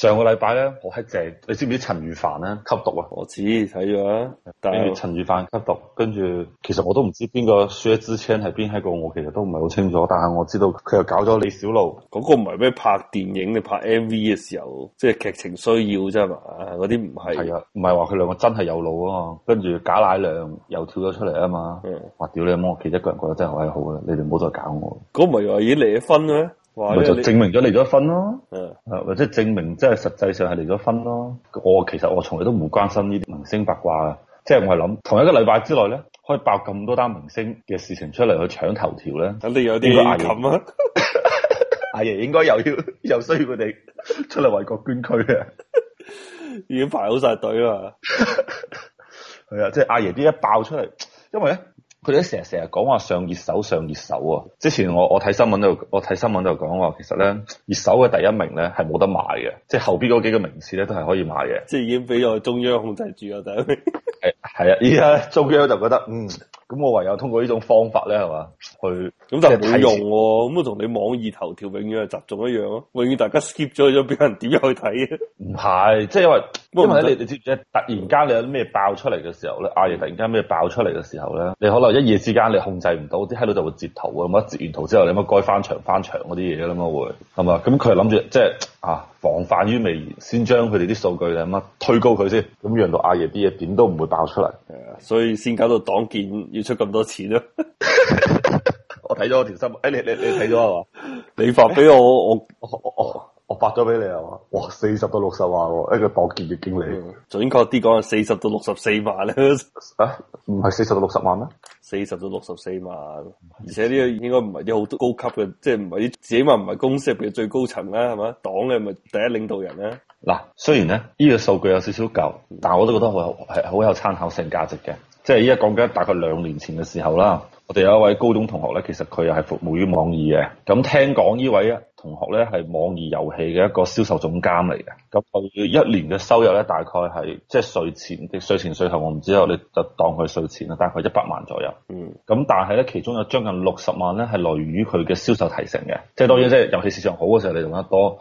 上個禮拜咧好黑靜，你知唔知陳羽凡咧吸毒啊？我知睇咗，跟住陳羽凡吸毒，跟住其實我都唔知邊個薛之謙係邊一個，我其實都唔係好清楚，但係我知道佢又搞咗李小璐嗰個唔係咩拍電影，你拍 MV 嘅時候，即係劇情需要啫嘛，嗰啲唔係係啊，唔係話佢兩個真係有路啊嘛，跟住賈乃亮又跳咗出嚟啊嘛，哇屌你阿媽，我其實一個人覺得真係好鬼好嘅，你哋唔好再搞我，嗰唔係話已經離咗婚咩？哇就證明咗離咗婚咯，的或者證明即係實際上係離咗婚咯。我其實我從來都唔關心呢啲明星八卦嘅，的即係我係諗同一個禮拜之內咧，可以爆咁多單明星嘅事情出嚟去搶頭條咧，肯定有啲阿琴啊，應該阿爺 應該又要又需要佢哋出嚟為國捐軀啊， 已經排好晒隊啊。係啊， 即係阿爺呢一爆出嚟，因為咧。佢哋成日成日講話上熱搜上熱搜啊！之前我我睇新聞就我睇新聞就講話，其實咧熱搜嘅第一名咧係冇得買嘅，即係後邊嗰幾個名次咧都係可以買嘅。即係已經俾我中央控制住咗。第一名係係啊，而家中央就覺得嗯。咁我唯有通過呢種方法咧，係嘛？去咁就冇用喎。咁去我同你網易頭條永遠係集中一樣咯。永遠大家 skip 咗咗俾人點樣去睇嘅。唔係，即係因為因為你行你知唔知？突然間你有啲咩爆出嚟嘅時候咧，阿、啊、爺突然間咩爆出嚟嘅時候咧，你可能一夜之間你控制唔到，啲喺度就會截圖啊。咁截完圖之後你該翻牆翻牆，你咁啊該翻牆翻牆嗰啲嘢啦，咁啊會係嘛？咁佢諗住即係啊，防範於未然，先將佢哋啲數據咧咁啊推高佢先，咁讓，讓到阿爺啲嘢點都唔會爆出嚟。所以先搞到黨建要出咁多錢咯 。 我睇咗我條新聞，誒，你你你睇咗係嘛？你，你，是是 你發俾我，我我。我我我發咗俾你啊！哇，四十到六十萬，一個黨建嘅經理，嗯、準確啲講係四十到六十四萬啦。啊，唔係四十到六十萬咩？四十到六十四萬，而且呢，應該唔係啲好高級嘅，即係唔係啲自己話唔係公司入面嘅最高層啦，係嘛，黨嘅咪第一領導人咧。嗱、啊，雖然咧呢、這個數據有少少舊，但係我都覺得好係好有參考性價值嘅，即係依家講緊大概兩年前嘅時候啦。我哋有一位高中同學咧，其實佢又係服務於網易嘅。咁聽講呢位同學咧，係網易遊戲嘅一個銷售總監嚟嘅。咁佢一年嘅收入咧，大概係即係稅前，即稅前稅後我唔知道，你就當佢稅前啦，大概一百萬左右。嗯。咁但係咧，其中有將近六十萬咧，係來源於佢嘅銷售提成嘅。即係當然，即係遊戲市場好嘅時候，你用得多。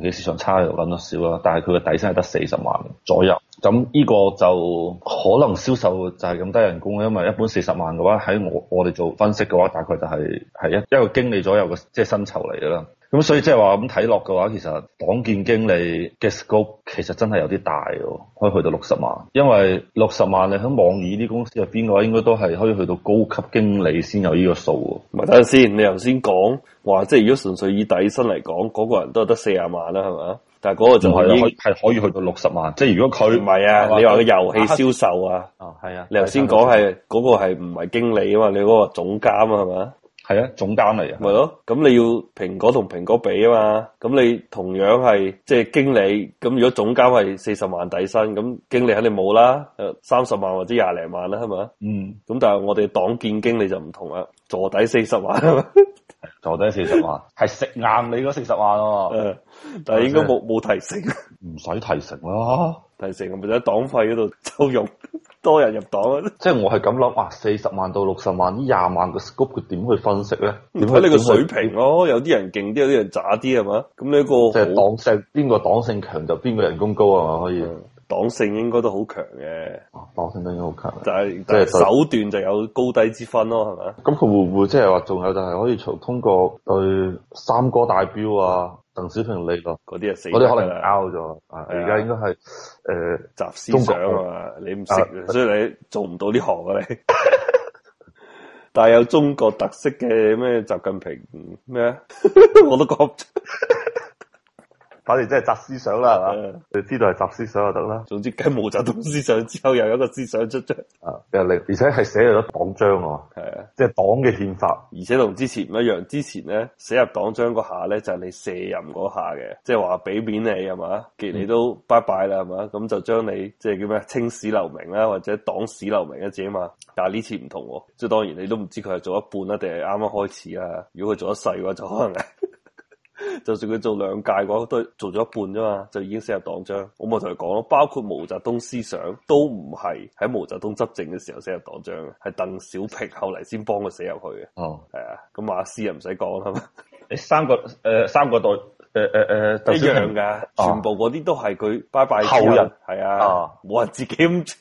嘅市場差又揾得少啦，但係佢嘅底薪係得四十萬左右，咁呢個就可能銷售就係咁低人工，因為一般四十萬嘅話喺我我哋做分析嘅話，大概就係係一一個經理左右嘅即係薪酬嚟啦。咁所以即係話咁睇落嘅話，其實黨建經理嘅 scope 其實真係有啲大，可以去到六十萬。因為六十萬你喺網易啲公司入邊嘅話，應該都係可以去到高級經理先有呢個數。唔係等陣先，你頭先講話即係如果純粹以底薪嚟講，嗰、嗰個人都係得四十萬啦，係咪？但係嗰個就係係可,可以去到六十萬。即係如果佢唔係啊，吧你話個遊戲銷售啊，哦係啊，你頭先講係嗰個係唔係經理啊嘛？你、那、嗰個總監啊係咪？係啊，總監嚟啊，咪咯，咁 你要蘋果同蘋果比啊嘛，咁你同樣係即係經理，咁如果總監係四十萬底薪，咁經理肯定冇啦，誒三十萬或者廿零萬啦，係咪啊，嗯，咁但係我哋黨建經理就唔同啦，坐底四十萬， 萬，坐底四十萬，係食硬你嗰四十萬啊，誒、嗯，但係應該冇冇提成，唔使提成咯，提成咪就喺黨費嗰度抽佣。多人入黨啊！ 即係我係咁諗啊，四十萬到六十萬呢，廿萬個 scope 佢，點去分析咧？睇你個水平咯，啊，有啲人勁啲，有啲人渣啲係嘛？咁呢個即係黨性，邊個黨性強就邊個人工高係嘛？可以，黨、嗯嗯、性應該都好強嘅，黨、啊、性都應該好強。就係即係手段就有高低之分咯，係咪？咁佢、就是、會唔會即係話仲有就係可以從通過對三個代表啊？鄧小平嚟咯，嗰啲啊死，我哋可能拗咗啊！而家應該係誒集思想國你啊，你唔識，所以你做唔到呢行啊你。 但係有中國特色嘅咩？習近平咩啊？ 我都講說唔 反正即係集思想啦，係嘛？啊、你知道係集思想就得啦。總之繼毛澤東思想之後，又有一個思想出咗。啊，又嚟，而且係寫入咗黨章喎、啊。係、啊、即係黨嘅憲法。而且同之前唔一樣，之前咧寫入黨章嗰下咧就係、是、你卸任嗰下嘅，即係話俾面你係嘛，既然、嗯、你都拜拜啦係嘛，咁就將你即係叫咩？青史留名啦，或者黨史留名一字啊嘛。但係呢次唔同、啊，即係當然你都唔知佢係做一半啦，定係啱啱開始啊？如果佢做一世嘅話，就可能係。 就算佢做兩屆嘅話，都做咗一半啫嘛，就已經寫入黨章。我咪同佢講咯，包括毛澤東思想都唔係喺毛澤東執政嘅時候寫入黨章嘅，係鄧小平後嚟先幫佢寫入去嘅。哦，係啊，咁馬斯人唔使講啦嘛。誒， 三個誒、呃，三個代誒誒誒，呃呃呃、一樣嘅，啊、全部嗰啲都係佢拜拜後人，係啊，冇人自己咁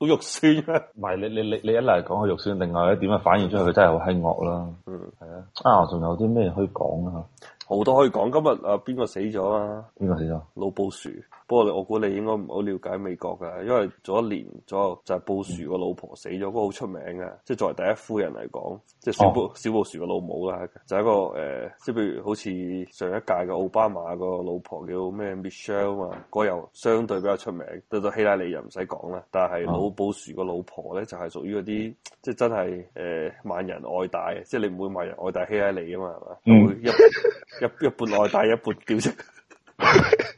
好 肉，酸、啊、 肉酸。唔係，你你你你一嚟講佢肉酸，另外一點係反映出去佢真係好黑惡啦。嗯，係啊。啊，仲有啲咩可以講啊？好多可以講，今日啊邊個死咗啊？邊個死咗？老布殊。不過我估你應該唔好了解美國噶，因為早一年左右就係布殊個老婆死咗，嗯、個好出名嘅，即係作為第一夫人嚟講，即係小布小布殊個老母啦，哦、就一個誒、呃，即係譬如好似上一屆嘅奧巴馬個老婆叫咩 Michelle 啊，嗰、那個、又相對比較出名。到到希拉里又唔使講啦，但係老布殊個老婆咧就係屬於嗰啲，即係真係誒、呃、萬人愛戴，即係你唔會萬人愛戴希拉里噶嘛，係嘛？會、嗯、一一一半愛戴一半叫啫。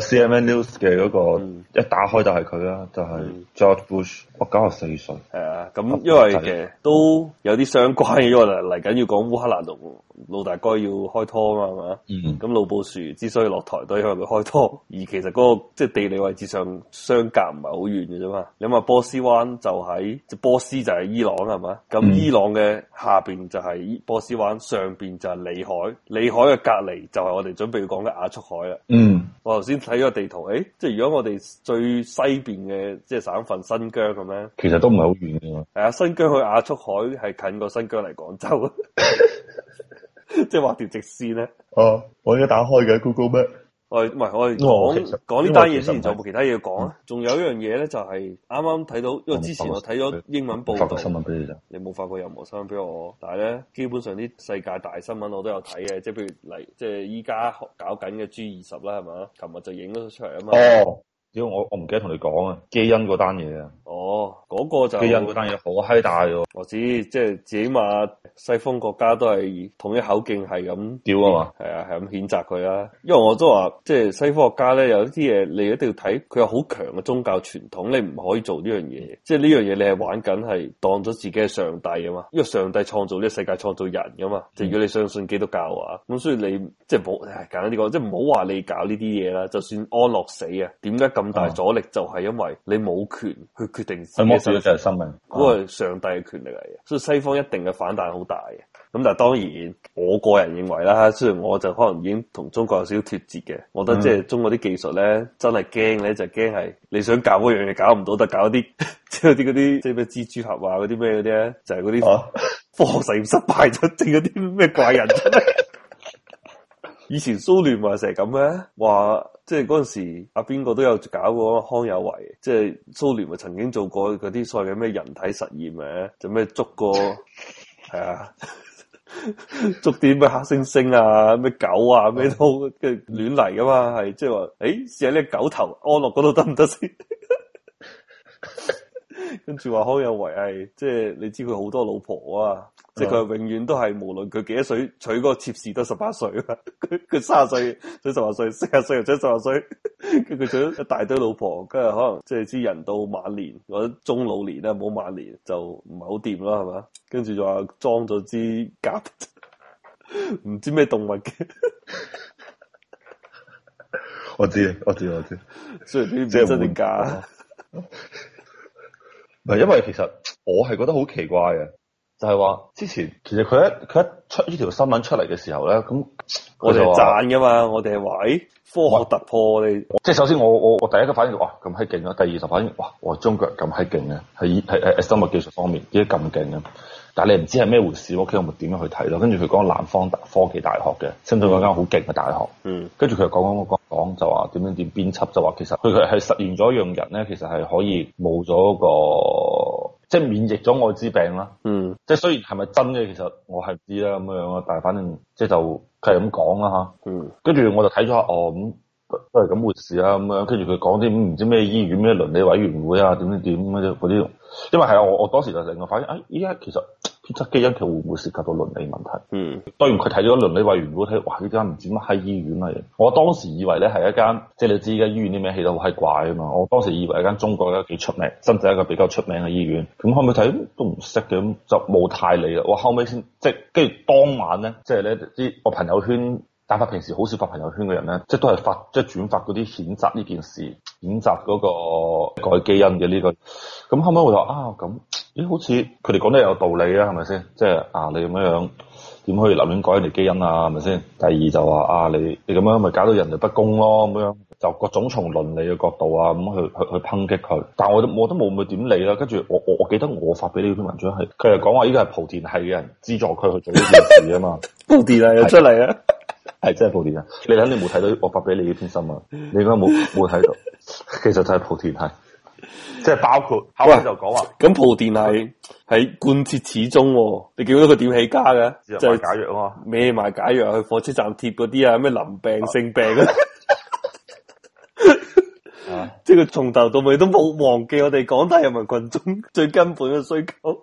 CMA、MM、News 嘅嗰、那個、嗯、一打開就係佢啦，就係、是、George Bush，我九十四歲。係啊，咁、嗯、因為嘅都有啲相關嘅，因為嚟緊要講烏克蘭同老大哥要開拖啊嘛，咁老、嗯、布殊之所以落台都係因為佢開拖，而其實嗰、那個即係、就是、地理位置上相隔唔係好遠嘅啫嘛。你諗波斯灣就喺，即波斯就係伊朗啊嘛，咁伊朗嘅下邊就係波斯灣，上邊就係裏海，裏海嘅隔籬就係我哋準備要講嘅亞速海啦。嗯。先睇個地圖，誒、欸，即係如果我哋最西邊嘅即係省份新疆咁樣，其實都唔係好遠嘅喎。係啊，新疆去亞速海係近過新疆嚟廣州， 啊，即係話條直線咧。哦，我而家打開嘅 Google Map？我唔，我嚟講講呢單嘢之前，就冇其他嘢講啊？仲、嗯、有一樣嘢咧，就係啱啱睇到，因為之前我睇咗英文報道。發新聞俾你，你冇發過任何新聞俾我，但係咧，基本上啲世界大新聞我都有睇嘅，即係譬如嚟，即係依家搞緊嘅 G 二十啦，係嘛？琴日就影咗出嚟啊嘛。哦，屌我我唔記得同你講啊，基因嗰單嘢啊。哦，嗰、嗰個就基因嗰單嘢好閪大喎。我知，即係自己嘛。西方國家都係統一口徑，係咁屌啊嘛，係啊，係咁譴責佢啦。因為我都話，即係西方國家咧有啲嘢你一定要睇，佢有好強嘅宗教傳統，你唔可以做呢樣嘢。嗯、即係呢樣嘢你係玩緊，係當咗自己係上帝啊嘛。因為上帝創造呢個世界，創造人噶嘛。就如果你相信基督教啊，咁所以你即係冇簡單啲講，即係唔好話你搞呢啲嘢啦。就算安樂死啊，點解咁大阻力？嗯、就係因為你冇權去決定自己、嗯。佢剝奪就係生命，嗰個、嗯、上帝嘅權力嚟嘅。所以西方一定嘅反彈好大嘅咁，但係當然，我個人認為啦，雖然我就可能已經同中國有少少脫節嘅，我覺得即係中國啲技術咧，真係驚咧，就驚、是、係你想搞嗰樣嘢搞唔到，得搞啲即係啲嗰啲即係咩蜘蛛俠啊嗰啲咩嗰啲咧，就係嗰啲科學實驗失敗咗，整一啲咩怪人出嚟。 以前蘇聯咪成日咁咩，話即係嗰陣時阿邊個都有搞過康有為，即、就、係、是、蘇聯咪曾經做過嗰啲所謂嘅咩人體實驗嘅，就咩、是、捉過？ 係啊， 捉啲咩黑猩猩啊，咩狗啊，咩都跟亂嚟噶嘛，係即係話，誒、試下，成呢狗頭，按落嗰度得唔得先？ 跟住話康有為係即係你知佢好多老婆啊，即係佢永遠都係無論佢幾多歲娶個妾侍都十八歲，佢佢三十歲娶十八歲，四十歲又娶十八歲，跟住佢娶一大堆老婆，跟住可能即係知人到晚年或者中老年咧，冇晚年就唔係好掂啦，係嘛？跟住就話裝咗支鴿，唔 知咩動物嘅 。我知，我知，我知，雖然啲本身啲假。啊 唔係，因為其實我係覺得好奇怪嘅，就係話之前其實佢一佢一出呢條新聞出嚟嘅時候咧，咁我哋就讚㗎嘛，我哋係話，咦，科學突破呢我我？即係首先我我我第一個反應就咁閪勁啦，第二就反應哇，哇中國咁閪勁啊，係係係生物技術方面點解咁勁啊？但係你唔知係咩回事屋企我咪點樣去睇咯。跟住佢講南方科技大學嘅，深圳嗰間好勁嘅大學，嗯，跟住佢又講講講。講就話點樣點編輯就話其實佢佢係實現咗讓人咧，其實係可以冇咗個即係免疫咗艾滋病啦。嗯，mm. 即係雖然係咪真嘅，其實我係唔知啦咁樣咯。但係反正即係就佢係咁講啦吓。跟住、mm. 我就睇咗下哦咁都係咁回事啊咁樣。跟住佢講啲唔知咩醫院咩倫理委員會啊點點點嗰啲啲。因為係啊，我我當時就成個反應，哎，依家其實。即係基因，其實會唔會涉及到倫理問題？嗯，對唔，佢睇咗倫理委員會，會，睇哇，呢間唔知乜閪醫院嚟？我當時以為咧係一間，即係你知而家醫院啲名起得好閪怪啊嘛！我當時以為一間中國嘅幾出名，甚至一個比較出名嘅醫院。咁後尾睇都唔識嘅，咁就冇太理啦。我後尾先即係跟住當晚咧，即係咧啲我朋友圈，但係平時好少發朋友圈嘅人咧，即係都係發即係轉發嗰啲譴責呢件事、譴責嗰個改基因嘅呢個。咁後尾我話啊咁。咦，好似佢哋講得有道理啊，係咪先？即係啊，你咁樣樣，點可以立亂改人哋基因啊？係咪先？第二就話、是、啊，你你咁樣咪搞到人哋不公咯，咁樣就各種從倫理嘅角度啊咁去去去抨擊佢。但係我我都冇會點理啦。跟住我我我記得我發俾你呢篇文章係，佢係講話依個係莆田系嘅人資助佢去做呢件事啊嘛。莆田系又出嚟啊，係真係莆田啊！是 田你肯定冇睇到我發俾你呢篇新聞，你應該冇冇睇到，其實就係莆田系。即係包括，頭先喂就講話，咁鋪墊係喺貫徹始終，哦。你見到佢點起家嘅，解就解藥啊嘛，孭埋解藥去火車站貼嗰啲啊，咩淋病、啊、性病啊，啊、 即係佢從頭到尾都冇忘記我哋廣大人民群眾最根本嘅需求。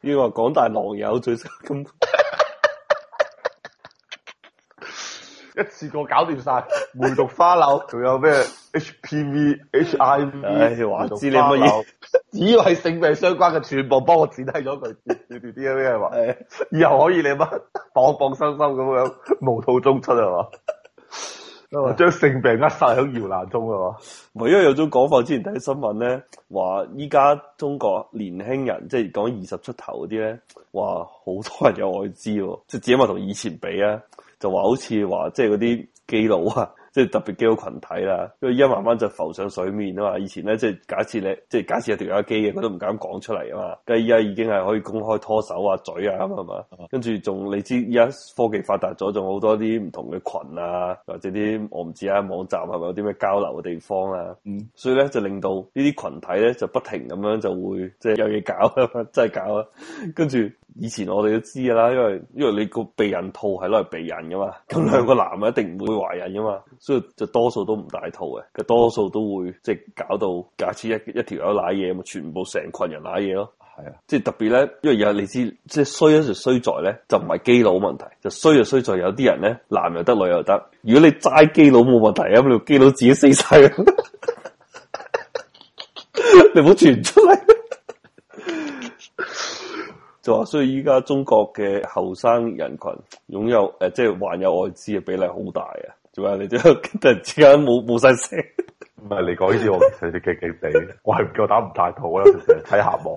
呢個廣大狼友最根本， 一次過搞掂晒梅毒花柳，仲有咩？H.P.V.H.I.V. 唉，話到花柳，只要係性病相關嘅，全部幫我剪低咗佢。你哋啲咩話？又可以你乜放放心心咁樣無套中出係嘛？將性病扼殺喺搖籃中係嘛？係因為有種講法，之前睇新聞咧，話依家中國年輕人，即係講二十出頭啲咧，話好多人有艾滋，即係只係咪同以前比啊？就話好似話，即係嗰啲基佬啊。即係特別幾個群體啦，因為依家慢慢就浮上水面啊嘛。以前咧即係假設你即係假設有條友機嘅，佢都唔敢講出嚟，啊嘛。咁依家已經係可以公開拖手啊嘴啊咁啊嘛。跟住仲你知依家科技發達咗，仲好多啲唔同嘅群啊，或者啲我唔知啊網站係咪有啲咩交流嘅地方啊。嗯，所以咧就令到呢啲群體咧就不停咁樣就會即係、就是、有嘢搞啊，真係搞啊， 跟住。以前我哋都知噶啦，因為因為你個避孕套係攞嚟避孕噶嘛，咁兩、嗯、個男嘅一定唔會懷孕噶嘛，所以就多數都唔戴套嘅，佢多數都會即係搞到假設一一條友瀨嘢，咁全部成群人瀨嘢咯。係啊、嗯，即係特別咧，因為有你知，即係衰一就衰在咧，就唔係基佬問題，就衰就衰在有啲人咧，男又得，女又得。如果你齋基佬冇問題啊，咁你基佬自己死晒， 你唔好傳出嚟。 就話所以依家中國嘅後生人群擁有誒、呃、即係還有外資嘅比例好大啊，做咩你突然之間冇冇晒聲？唔係你講呢啲，我其實幾驚地， 我係唔夠膽唔太妥，我有時成日睇下望。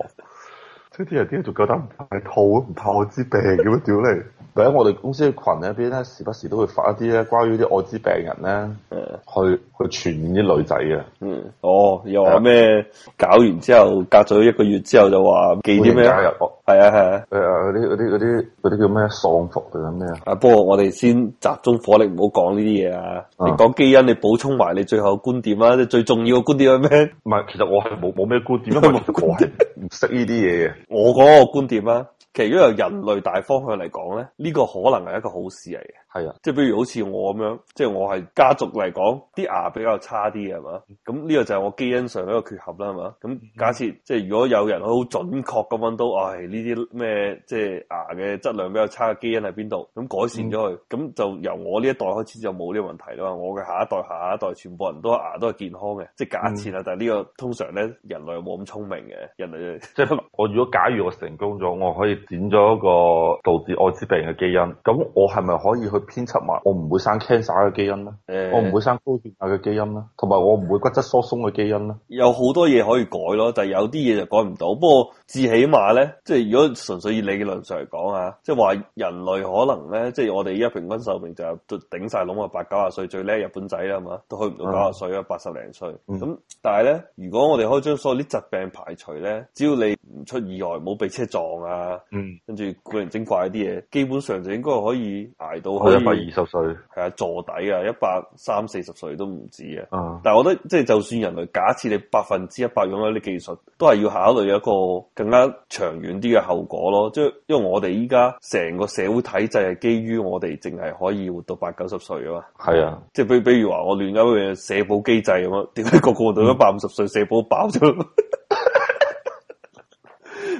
呢啲人啲人仲夠膽唔戴套啊，唔怕 艾滋病嘅咩？屌你！喺我哋公司嘅群咧，邊咧時不時都會發一啲咧，關於啲艾滋病人咧，嗯、去去傳染啲女仔嘅。嗯，哦，又話咩？啊、搞完之後隔咗一個月之後就話寄啲咩？係啊係啊，係啊！嗰啲啲啲啲叫咩？喪服定咩啊？啊！不過我哋先集中火力，唔好講呢啲嘢啊！嗯、你講基因，你補充埋你最後觀點啊！你最重要嘅觀點係咩？唔係，其實我係冇冇咩觀點啊！冇得 唔識呢啲嘢嘅，我個觀點啦，其實由人類大方向嚟講咧，呢個可能係一個好事嚟嘅。係啊，即係比如好似我咁樣，即係我係家族嚟講，啲牙比較差啲嘅係嘛？咁呢個就係我基因上一個缺陷啦，係嘛？咁假設即係如果有人好準確咁問到，唉呢啲咩即係牙嘅質量比較差嘅基因喺邊度，咁改善咗佢，咁、嗯、就由我呢一代開始就冇呢個問題啦。我嘅下一代、下一代全部人都牙都係健康嘅，即係假設啦。嗯、但係、這、呢個通常咧，人類冇咁聰明嘅，人類即係 我如果假如我成功咗，我可以剪咗一個導致艾滋病嘅基因，咁我係咪可以去？編輯埋，我唔會生 cancer 嘅基因咧，欸、我唔會生高血壓嘅基因啦，同埋我唔會骨質疏鬆嘅基因啦。有好多嘢可以改咯，但係有啲嘢就改唔到。不過至起碼咧，即係如果純粹以理論上嚟講啊，即係話人類可能咧，即係我哋依家平均壽命就係頂晒籠啊，八九十歲最叻日本仔啦嘛，都去唔到九十歲啊，八十零歲。咁、嗯、但係咧，如果我哋可以將所有啲疾病排除咧，只要你唔出意外，冇被車撞啊，嗯、跟住古靈精怪啲嘢，基本上就應該可以捱到去一百二十歲係啊，坐底啊，一百三四十歲都唔止啊。嗯、但係我覺得，即係就算人類假設你百分之一百咁樣啲技術，都係要考慮一個更加長遠啲嘅後果咯。即係因為我哋依家成個社會體制係基於我哋淨係可以活到八九十歲啊嘛。係啊，即係比比如話我亂咁樣社保機制咁樣，點解個個到一百五十歲社保爆咗？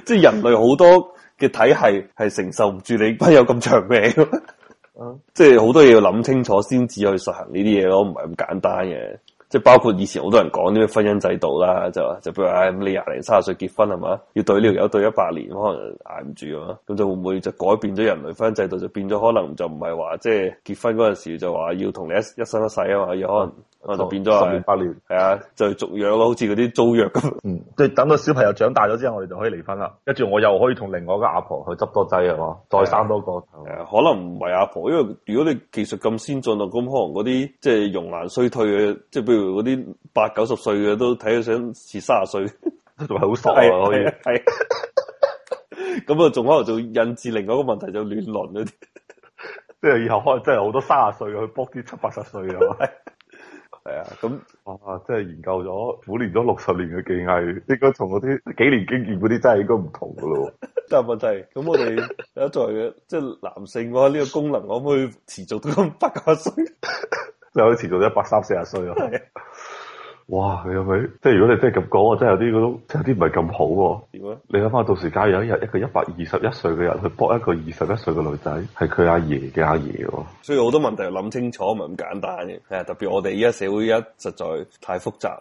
即 係人類好多嘅體系係承受唔住你不有咁長命。 嗯，即係好多嘢要諗清楚先至去實行呢啲嘢咯，唔係咁簡單嘅。即係包括以前好多人講啲婚姻制度啦，就就譬如唉、哎，你廿零三十歲結婚係嘛，要對呢條友對一百年，可能捱唔住啊嘛，咁就會唔會就改變咗人類婚姻制度，就變咗可能就唔係話即係結婚嗰陣時就話要同你一,一生一世啊嘛，而可能。就變咗十年八年，係啊，就係，續約咯，好似嗰啲租約咁。嗯，即係等到小朋友長大咗之後，我哋就可以離婚啦。跟住我又可以同另外一個阿婆，婆去執多劑啊，嘛，再生多個。誒、啊吧啊，可能唔係阿婆，因為如果你技術咁先進啊，咁可能嗰啲即係容顏衰退嘅，即係譬如嗰啲八九十歲嘅都睇到想似卅歲，同埋好傻啊，可以。係。咁啊，仲、啊、 可能就引致另外一個問題就亂倫嗰啲，即係 以後可能真係好多卅歲去搏啲七八十歲嘅， 咁哇，即係研究咗苦練咗六十年嘅技藝，應該同嗰啲幾年經驗嗰啲真係應該唔同噶咯。但問題， 咁我哋作為嘅即係男性，嘅話呢個功能可唔可以持續到咁八九十歲？ 就可以持續到一百三四十歲咯。 哇！佢有咪即係如果你真係咁講，我真係有啲嗰種，真有啲唔係咁好喎。點樣？你諗下，到時假如有一日一個一百二十一歲嘅人去搏一個二十一歲嘅女仔，係佢阿爺嘅阿爺喎。所以好多問題諗清楚唔係咁簡單嘅，係啊！特別我哋而家社會而家實在太複雜。